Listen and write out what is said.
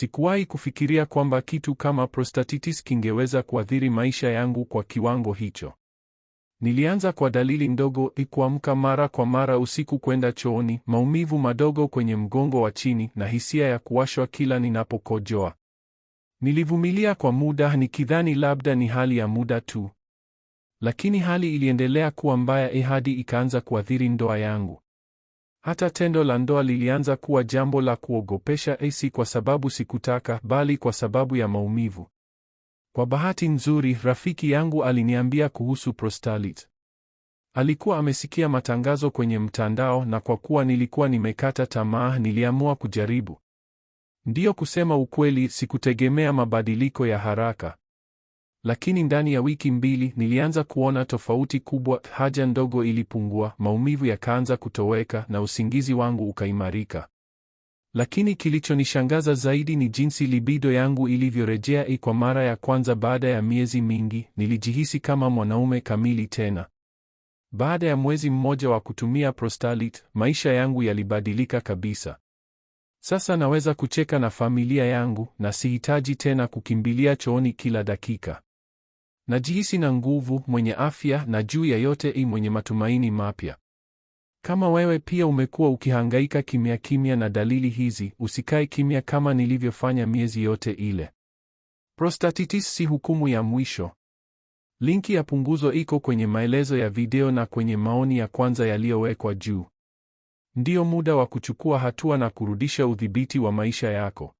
Sikuwahi kufikiria kwamba kitu kama prostatitis kingeweza kuathiri maisha yangu kwa kiwango hicho. Nilianza kwa dalili ndogo, ikuamka mara kwa mara usiku kwenda chooni, maumivu madogo kwenye mgongo wa chini na hisia ya kuwashwa kila ninapokojoa. Nilivumilia kwa muda nikidhani labda ni hali ya muda tu. Lakini hali iliendelea kuwa mbaya ehadi ikaanza kuathiri ndoa yangu. Hata tendo la ndoa lilianza kuwa jambo la kuogopesha, eh, si kwa sababu sikutaka, bali kwa sababu ya maumivu. Kwa bahati nzuri, rafiki yangu aliniambia kuhusu prostalit Alikuwa amesikia matangazo kwenye mtandao, na kwa kuwa nilikuwa nimekata tamaa, niliamua kujaribu. Ndiyo, kusema ukweli, sikutegemea mabadiliko ya haraka. Lakini ndani ya wiki mbili nilianza kuona tofauti kubwa. Haja ndogo ilipungua, maumivu yakaanza kutoweka na usingizi wangu ukaimarika. Lakini kilichonishangaza zaidi ni jinsi libido yangu ilivyorejea. i kwa mara ya kwanza baada ya miezi mingi, nilijihisi kama mwanaume kamili tena. Baada ya mwezi mmoja wa kutumia Prostalit, maisha yangu yalibadilika kabisa. Sasa naweza kucheka na familia yangu na sihitaji tena kukimbilia chooni kila dakika. Najihisi na nguvu, mwenye afya na juu ya yote i mwenye matumaini mapya. Kama wewe pia umekuwa ukihangaika kimya kimya na dalili hizi, usikae kimya kama nilivyofanya miezi yote ile. Prostatitis si hukumu ya mwisho. Linki ya punguzo iko kwenye maelezo ya video na kwenye maoni ya kwanza yaliyowekwa juu. Ndiyo muda wa kuchukua hatua na kurudisha udhibiti wa maisha yako.